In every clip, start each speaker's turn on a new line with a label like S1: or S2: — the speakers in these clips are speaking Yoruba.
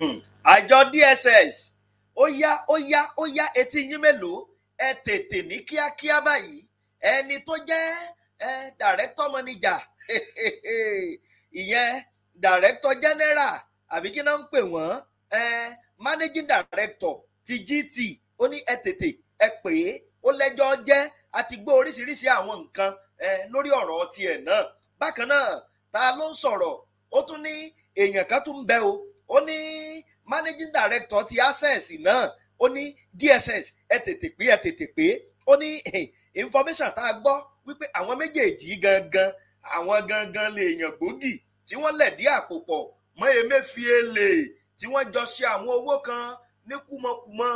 S1: Hmm. àjọ DSS ó yá ó yá ó yá etí yín mélòó ẹ tètè ní kíákíá báyìí ẹni tó jẹ́ ẹ director manager ìyẹn director general àbí kí náà ń pè wọ́n ẹ managing director ti GT ó ní ẹ tètè ẹ pè é ó lẹ́jọ́ jẹ́ a ti gbọ́ oríṣiríṣi àwọn nǹkan lórí ọ̀rọ̀ tiẹ̀ náà bákan náà ta ló ń sọ̀rọ̀ ó tún ní èèyàn kan tún ń bẹ o ó ní managing director ti access náà ó ní dss ẹ tètè pé ẹ tètè pé ó ní information tá a gbọ́ wípé àwọn méjèèjì gangan àwọn gangan lè yàn gbòógì tí wọ́n lẹ̀dí àpò pọ̀ mọ́ emefiele tí wọ́n jọ ṣe àwọn owó kan ní kúmọkúmọ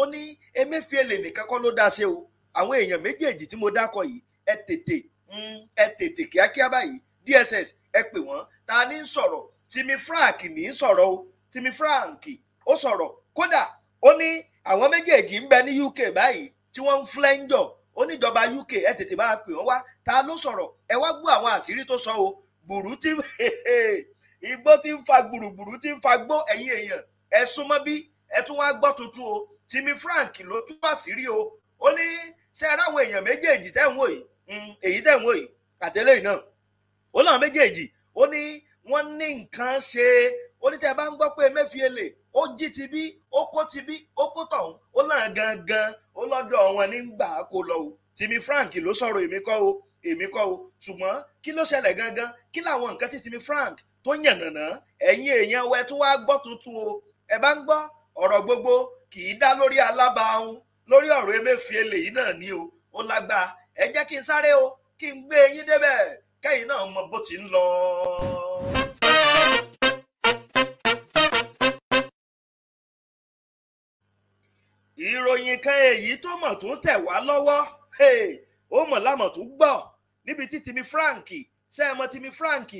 S1: ó ní emefiele nìkan kọ́ ló dá ṣe o àwọn èèyàn méjèèjì tí mo dákọ yìí ẹ tètè mm, ẹ tètè kíákíá báyìí dss ẹ pè wọ́n ta ni ń sọ̀rọ̀ Timi Frank ní í sọ̀rọ̀ o Timi Frank ó sọ̀rọ̀ kódà ó ní àwọn méjèèjì ń bẹ ní UK báyìí tí wọ́n ń flẹ́ńjọ̀ ó níjọba UK ẹ tètè bá a pè wọ́n wá ta ló sọ̀rọ̀ ẹ wá gbọ́ àwọn àṣírí tó sọ o gbùrú tí igbó tí ń fa gbùrùgbùrù tí ń fa gbó ẹ̀yin èèyàn ẹ súnmọ́ bí ẹ tún wá gbọ́ tuntun o Timi Frank ló tún àṣírí o ó ní ṣe ara èèyàn méjèèjì tẹ̀ ń wò yìí hmm, èyí tẹ̀ ń wò yìí àtẹ́lẹ̀ náà ó láwọn méjèèjì ó ní wọ́n ní nǹkan ṣe onítẹ̀ bá ń gbọ́ pé Emefiele ó jí ti bí ó kó ti bí ó kó tọ̀hún ó náà gangan ó lọ́dọ̀ wọn nígbà lọ o Timi Frank ló sọrọ emikọ kọ́ o èmi kọ́ o ṣùgbọ́n kí ló ṣẹlẹ̀ gangan kí làwọn nǹkan tí Timi Frank tó yànnàná ẹyin èèyàn wẹ tó wá gbọ tuntun o ẹ bá ń gbọ ọrọ gbogbo kì í dá lórí alábàáhùn lórí ọ̀rọ̀ Emefiele yìí náà ni o ó lágbá ẹ jẹ́ kí n sáré o kí n gbé eyín débẹ̀ kẹ́yìn náà mọ bó ti ìròyìn kan èyí tó mọ̀ tó ń tẹ̀ wá lọ́wọ́ ó mọ̀ lámọ̀ tó níbi tí Timi Frank ṣe é mọ Timi Frank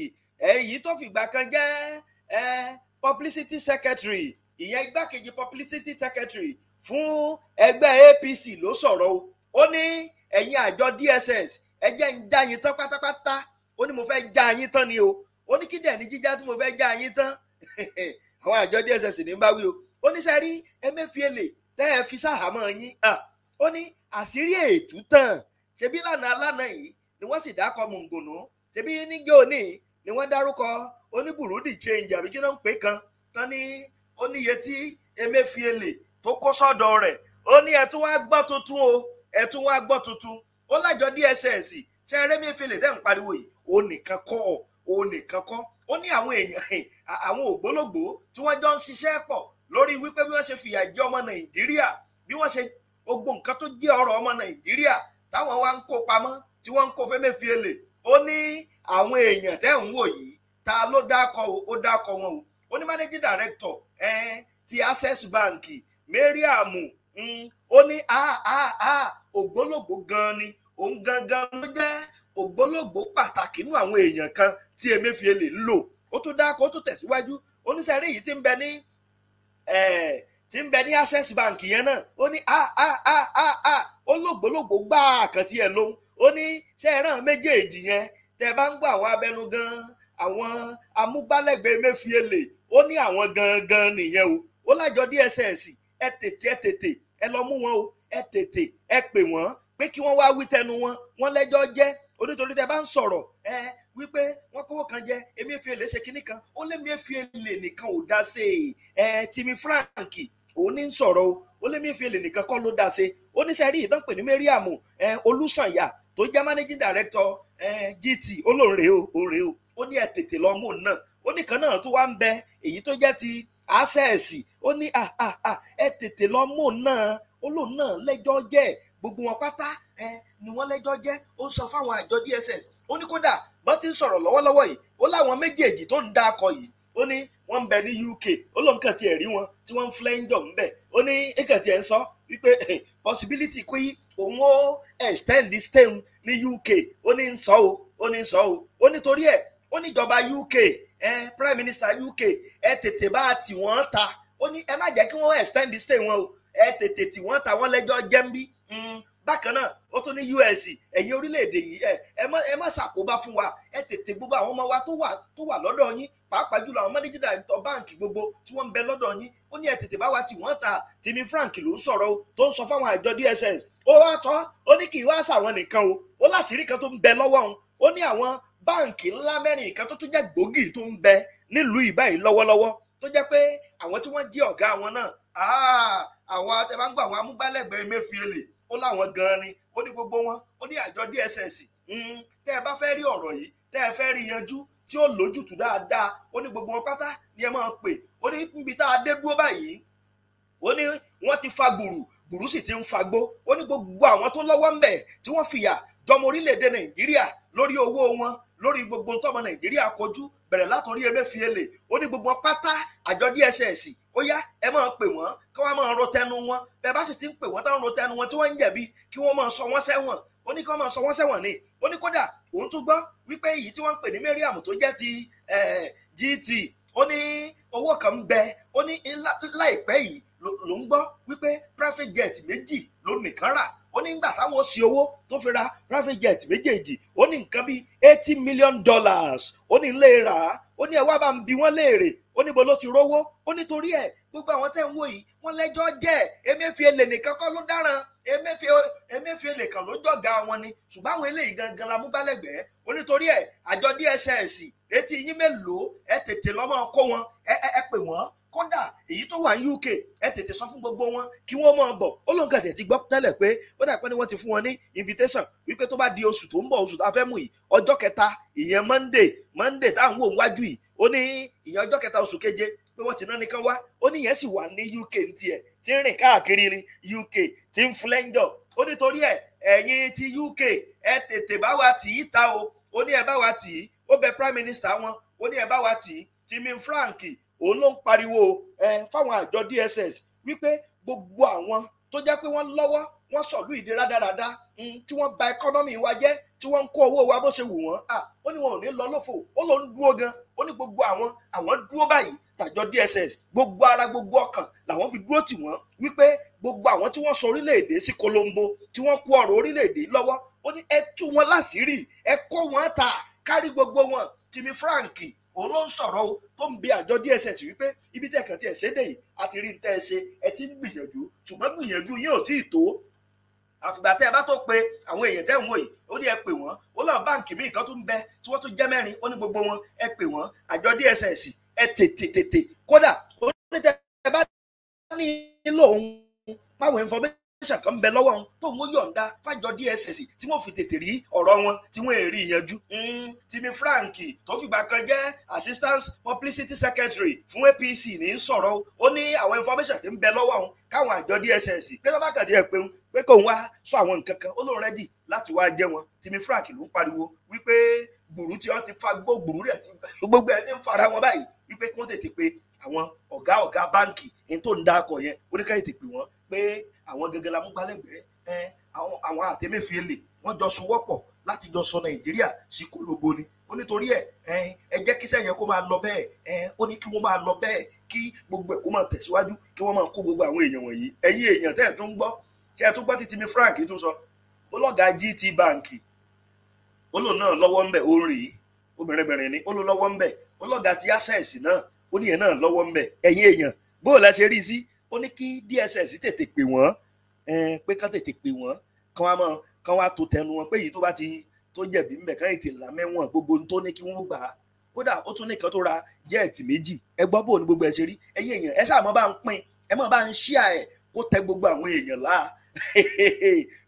S1: èyí tó fìgbà kan jẹ́ publicity secretary ìyẹn igbákejì publicity secretary fún ẹgbẹ́ APC ló sọ̀rọ̀ ó ní ẹ̀yin àjọ DSS ẹ jẹ́ ń tán ó ní mo fẹ́ já yín tán ni o ó ní kí dẹ̀ ní jíjá tí mo fẹ́ já yín tán àwọn àjọ DSS ní bá wí o ó ní sẹ́rí Emefiele tẹ́ ẹ fi sáhàmọ́ yín ó ní àṣírí ètú tán ṣebí lánàá lánàá yìí ni wọ́n sì dákọ̀ mọ̀ngònú ṣebí nígbà òní ni wọ́n dárúkọ oníbùrúdì change àbí kí ló ń pè kan tán ní oníye tí Emefiele tó kó sọ́dọ̀ rẹ̀ ó ní ẹ̀tún wá gbọ́ tuntun o ẹ̀tún wá gbọ́ tuntun ó lájọ DSS ṣe Emefiele tẹ́ ń pariwo yìí ó nìkan kọ́ ọ̀ ó nìkan kọ́ ó ní àwọn èèyàn àwọn ògbólógbò tí wọ́n jọ ń ṣiṣẹ́ pọ̀ lórí wípé bí wọ́n ṣe fìyà jẹ ọmọ Nàìjíríà bí wọ́n ṣe gbogbo nǹkan tó jẹ́ ọ̀rọ̀ ọmọ Nàìjíríà táwọn wa ń kó pamọ́ tí wọ́n ń kó fẹ́ Emefiele ó ní àwọn èèyàn tẹ́ ń wò yìí ta ló dákọ̀ ó dákọ̀ wọn o ó ní managing director eh, ti Access Bank Mariam ó ní ògbólógbò gan-an ni òun gangan ló jẹ́ ògbólógbòó pàtàkì nínú àwọn èèyàn kan tí Emefiele ń lò ó tó dáko ó tó tẹ̀síwájú oníṣẹ́rí yìí ti ń bẹ ní ti ń bẹ ní access bank yẹn náà ó ní a a a a a ó lògbólògbó gbá àkàntì ẹ̀ lóhun ó ní ṣe é ràn méjèèjì yẹn tẹ́ bá ń gbọ́ àwọn abẹnugan àwọn amúgbálẹ́gbẹ̀ẹ́ Emefiele ó ní àwọn gangan nìyẹn o ó lájọ DSS ẹ tètè ẹ tètè ẹ lọ mú wọn o ẹ tètè ẹ pè wọ́n pé kí wọ́n wá wí tẹnu wọn wọ́n lẹ́jọ́ jẹ́ onítorí tẹ bá ń sọ̀rọ̀ ẹ wípé wọ́n kówó kan jẹ Emefiele ṣe kinní kan ó lé Emefiele nìkan ò dá sí ẹ Timi Frankie. òun ní ń sọ̀rọ̀ o ó lé Emefiele nìkan kọ́ ló dá sí ó ní sẹ́rí ìdánpè ní Mariam ẹ Olúsànyà tó jẹ́ managing director ẹ GT olóore o òre o ó ní ẹ tètè lọ mú un náà ó ní kan náà tó wá ń bẹ èyí tó jẹ́ ti access ó ní ẹ tètè lọ mú un náà ó lóun náà lẹ́jọ́ jẹ́ gbogbo wọn pátá ẹ ni wọ́n lẹ́jọ́ jẹ́ ó ń sọ fáwọn àjọ DSS ó ní kódà bó ti ń sọ̀rọ̀ lọ́wọ́lọ́wọ́ yìí ó láwọn méjèèjì tó ń dá akọ yìí ó ní wọ́n ń bẹ ní UK ó lóun kàn tiẹ̀ rí wọn tí wọ́n ń flẹ́ńjọ̀ ń bẹ̀ ó ní ẹ̀kàn tiẹ̀ ń sọ wípé possibility kí òun ó extend this term ní UK ó ní ń sọ o ó ní ń sọ o ó nítorí ẹ̀ ó níjọba UK eh, prime minister UK ẹ tètè bá tì wọ́n ta ó ní ẹ má jẹ́ kí wọ́n extend this term wọn o ẹ tètè tì wọ́n ta wọ́n lẹ́jọ́ jẹ́ńbí Hmm, bákan náà ó tún ní US ẹ̀yin orílẹ̀-èdè yìí ẹ ẹ má ṣàkóbá fún wa ẹ tètè gbogbo àwọn ọmọ wa tó wà tó wà lọ́dọ̀ yín pàápàá jùlọ àwọn manager director báǹkì gbogbo tí wọ́n ń bẹ lọ́dọ̀ yín ó ní ẹ tètè bá wa tì wọ́n ta Timi Frank ló ń sọ̀rọ̀ o tó ń sọ fáwọn àjọ DSS ó wá tọ́ ó ní kì wá sàwọn nìkan o ó láṣìírí kan tó ń bẹ lọ́wọ́ òun ó ní àwọn báǹkì ńlá mẹ́rin kan tó tún jẹ́ gbòógì tó ń bẹ nílùú ìbáyìí lọ́wọ́lọ́wọ́ tó jẹ́ pé àwọn tí wọ́n jẹ́ ọ̀gá wọn náà àwọn atẹ́bàǹgbà àwọn amúgbálẹ́gbẹ̀ẹ́ Emefiele ó láwọn gan ni ó ní gbogbo wọn ó ní àjọ DSS hmm, tẹ́ ẹ bá fẹ́ rí ọ̀rọ̀ yìí tẹ́ ẹ fẹ́ rí yanjú tí ó lójútùú dáadáa ó ní gbogbo wọn pátá ni ẹ máa pè ó ní níbi tá a dé dúró báyìí ó ní wọ́n ti fa gbùrù gbùrù sì ti ń fagbó ó ní gbogbo àwọn tó lọ́wọ́ ń bẹ̀ tí wọ́n fìyà jọmọ orílẹ̀-èdè nàìjíríà lórí owó wọn lórí gbogbo ntọ́mọ nàìjíríà kojú bẹ̀rẹ̀ látọ̀rí emefiele ó ní gbogbo pátá àjọ dss ó yá ẹ máa pè wọ́n kí wọ́n máa ro tẹnu wọn bẹ́ẹ̀ bá sì ti ń pè wọ́n táwọn ro tẹnu wọn tí wọ́n ń jẹ̀bi kí wọ́n máa sọ wọ́n sẹ́wọ̀n ó ní kí wọ́n máa sọ wọ́n sẹ́wọ̀n ni ó ní kódà òun tún gbọ́ wípé èyí tí wọ́n ń pè ní mariam tó jẹ́ ti eh, gt ó ní owó kan ń bẹ ó ní láìpẹ́ yìí ló ń gbọ́ wípé private jet méjì ló nìkan rà ó ní gbà táwọn ṣe owó tó fi ra private jet méjèèjì ó ní nǹkan bíi eighty million dollars ó ní lè rà á ó ní ẹ wá bá ń bi wọ́n léèrè ó níbo ló ti rówó ó nítorí ẹ gbogbo àwọn tẹ́ ń wò yìí wọ́n lẹ́jọ́ jẹ́ Emefiele nìkan kọ́ ló dáràn Emefiele kan ló jọ̀gá wọn ni ṣùgbọ́n àwọn eléyìí gangan la mú gbálẹ́gbẹ̀ẹ́ ó nítorí ẹ àjọ DSS etí yín mélòó ẹ tètè lọ́mọ kó wọn ẹ pè wọ́n kódà èyí tó wà ní UK ẹ tètè sọ fún gbogbo wọn kí wọ́n máa bọ̀ ó lóun kàn tètè gbọ́ tẹ́lẹ̀ pé ó dà pé ni wọ́n ti fún wọn ní invitation wípé tó bá di oṣù tó ń bọ̀ oṣù tá a fẹ́ mú yìí ọjọ́ kẹta ìyẹn Monday Monday tá à ń wò wájú yìí ó ní ìyẹn ọjọ́ kẹta oṣù keje pé wọ́n ti ná nìkan wá ó ní ìyẹn sì wà ní UK tiẹ̀ tí ń rìn káàkiri ní UK tí ń flẹ́ńdọ̀ ó nítorí ẹ̀ ẹ̀yin ti UK ẹ tètè bá wa tì í ta o ó ní ẹ bá wa tì í ó bẹ prime minister wọn ó ní ẹ bá wa tì í Timi Frank òun ló ń pariwo fáwọn àjọ DSS wípé gbogbo àwọn tó jẹ́ pé wọ́n lọ́wọ́ wọ́n sọ̀lú ìdí rádaràda hmm, tí wọ́n ba ẹkọ́nọ́mì wa jẹ́ tí wọ́n ń kó owó wa bó ṣe wù wọ́n ó ní wọn ò ní lọ lófo ó lọ ń dúró gan ó ní gbogbo àwọn àwọn dúró báyìí tàjọ DSS gbogbo ara gbogbo ọkàn làwọn fi dúró tì wọ́n wípé gbogbo àwọn tí wọ́n sọ orílẹ̀ sí kolombo tí wọ́n kó ọ̀rọ̀ orílẹ̀-èdè ó ní ẹ tú wọn láṣìírí ẹ kó wọn ta kárí gbogbo wọn Timi Frank òun ló ń sọ̀rọ̀ o tó ń bi àjọ DSS wípé ibi tẹ̀ kàn tí ẹ̀ ṣe dé yìí àti rí tẹ́ ẹ ṣe ẹ ti ń gbìyànjú ṣùgbọ́n gbìyànjú yín ò tí ì tó àfìgbà tẹ́ ẹ bá tó pe àwọn èèyàn tẹ́ ń wò yìí ó ní ẹ pè wọ́n ó lọ báǹkì míì kan tún bẹ tí wọ́n tún jẹ́ mẹ́rin ó ní gbogbo wọn ẹ pè wọ́n àjọ DSS ẹ tètè tètè kódà ó ní tẹ́ ẹ bá nílò òun báwọn information tẹsán kan bẹ lọ́wọ́ wọn tó ń yọ̀ǹda fájọ DSS tí wọ́n fi tètè rí ọ̀rọ̀ wọn tí wọ́n èrè ìyanjú. Hmm, Timi Frank tó fìgbà kan jẹ́ assistant publicity secretary fún APC ní sọ̀rọ̀ ó ní àwọn information tí ń bẹ lọ́wọ́ wọn káwọn àjọ DSS pé tó bá kàn ẹ̀ pé pé kò ń wá sọ àwọn nǹkan kan ó lóun rẹ́dì láti wá jẹ́ wọn Timi Frank ló ń pariwo wípé gbùrú tí wọ́n ti fa gbó rẹ̀ tí gbogbo ẹ̀ ti ń fara wọn pé àwọn gẹ́gẹ́ la mú gbálẹ́gbẹ̀ẹ́ àwọn àtẹ́mẹ́fẹ́lẹ̀ wọ́n jọ sowọ́pọ̀ láti jọ sọ nàìjíríà sí kólóbó ni ó nítorí ẹ ẹ jẹ́ kí sẹ́yìn kó máa lọ bẹ́ẹ̀ ó ní kí wọ́n máa lọ bẹ́ẹ̀ kí gbogbo ẹ̀ kó máa tẹ̀síwájú kí wọ́n máa kó gbogbo àwọn èèyàn wọ̀nyí ẹ̀yin èèyàn tẹ́ ẹ̀ tún gbọ́ ṣe ẹ̀ tún gbọ́ títí mi Frank tún sọ ó lọ́gàá GT Bank ó lò náà lọ́wọ́ ńbẹ̀ ó rìn yìí obìnrin bìnrin ni ó lò lọ́wọ́ ńbẹ̀ ó ti access náà ó níyẹn náà lọ́wọ́ ńbẹ̀ ẹ̀yin èèyàn bóò la ṣe rí sí ó ní kí DSS tètè pè wọ́n pé kán tètè pè wọ́n kán wá mọ̀ kán wá tó tẹnu wọn pé èyí tó bá ti tó jẹ̀bi ńbẹ̀ kán ètè ńlá mẹ́wọ̀n gbogbo ohun tó ní kí wọ́n gbà á kódà ó tún nìkan tó ra jẹ́ẹ̀tì méjì ẹ gbọ́ bò ní gbogbo ẹ ṣe rí ẹ̀yin èèyàn ẹ sáà mọ́ bá ń pín ẹ mọ́ bá ń ṣíà ẹ̀ kó tẹ gbogbo àwọn èèyàn láà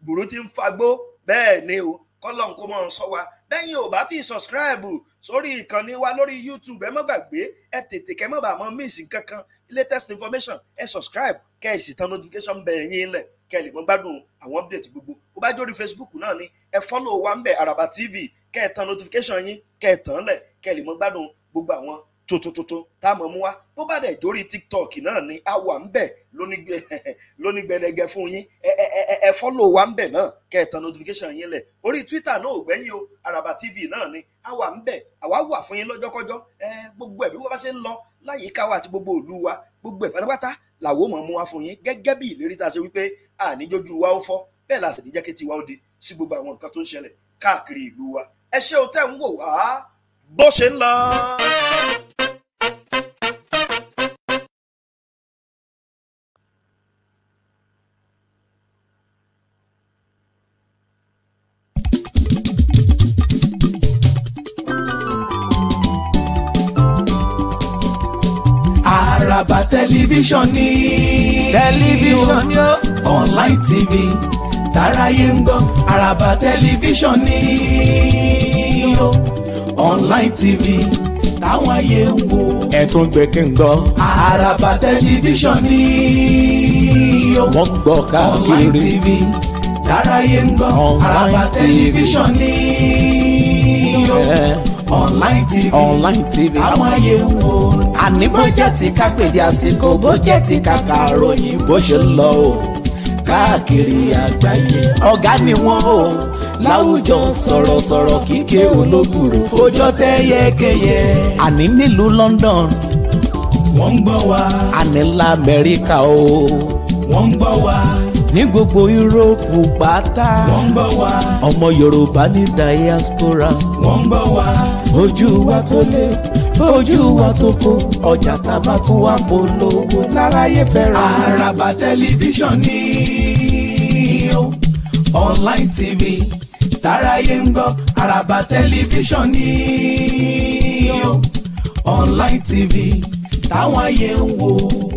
S1: gbòòrò ti ń fagbó bẹ́ẹ̀ ni o kọ́lọ́n kó mọ́ ọ sọ wa bẹ́yìn ò bá ti sọ̀scribe sórí ìkànnì wa lórí YouTube ẹ má gbàgbé ẹ tètè kẹ́ mọ́ bá mọ́ míìsì kankan latest information ẹ sọ̀scribe kẹ́ ẹ sì tan notification bẹ́ẹ̀ yín lẹ̀ kẹ́ ẹ lè mọ́ gbádùn àwọn update gbogbo ó bá jórí Facebook náà ni ẹ follow wa ń bẹ̀ Araba TV kẹ́ ẹ tan notification yín kẹ́ ẹ tàn án lẹ̀ kẹ́ ẹ lè mọ́ gbádùn gbogbo àwọn tuntun táwọn mú wá bó bá dẹ̀ jórí tiktok náà ni a wà ń bẹ̀ lónígbẹ̀dẹ̀gẹ̀ fún yín ẹ fọ́lọ̀ wa ń bẹ̀ náà kẹtàn notification yín lẹ̀ orí twitter náà ò gbẹ́yìn o araba tv náà ni a wà ń bẹ̀ àwa wà fún yín lọ́jọ́kọ́jọ́ gbogbo ẹ̀ bí wọ́n bá ṣe ń lọ láyìíká wa àti gbogbo ìlú wa gbogbo ẹ̀ pátápátá làwọn ò mọ̀ mú wa fún yín gẹ́gẹ́ bí ìlérí tá a ṣe wípé àníjójú wa ó fọ́ bẹ́ẹ̀ la di sí gbogbo àwọn nǹkan tó ń ṣẹlẹ̀ káàkiri ìlú wa ẹ ṣé o bó ṣe ń lọ.
S2: tẹlifíṣàn ni. tẹlifíṣàn ni ó. online tv tàráyé ń gbọ́ àràbà tẹlifíṣàn ni ó. online tv táwọn ayé ń wo. ẹ̀tún gbẹ̀kẹ̀ ń gbọ́. àràbà tẹlifíṣàn ni wọ́n gbọ́ káàkiri. online tv tàráyé ń gbọ́ àràbà tẹlifíṣàn ni yeah. online tv online tv táwọn ayé ń wo àní bó jẹ́ ti ká pèdé àsìkò bó jẹ́ ti ká kàròyìn bó ṣe lọ o káàkiri àgbáyé ọ̀gá ni wọ́n o láwùjọ sọ̀rọ̀sọ̀rọ̀ kíkẹ́ olóbùrò ọjọ́ tẹ́ yẹ́kẹ́yẹ́. àní nílùú London. wọ́n ń gbọ́ wa. àní la Amẹ́ríkà o. wọ́n ń gbọ́ wa ní gbogbo yúróòpù pátá. wọ́n ń bọ̀ wá. ọmọ yorùbá ní diaspora. wọ́n ń bọ̀ wá. ojú wa tó lé tójú wa tó kó ọjà tá a bá tún wá polówó láráyé fẹ́ràn. àràbà tẹlifíṣàn ni ó online tv táráyé ń gbọ́ àràbà tẹlifíṣàn ni ó online tv táwọn ayé ń wò.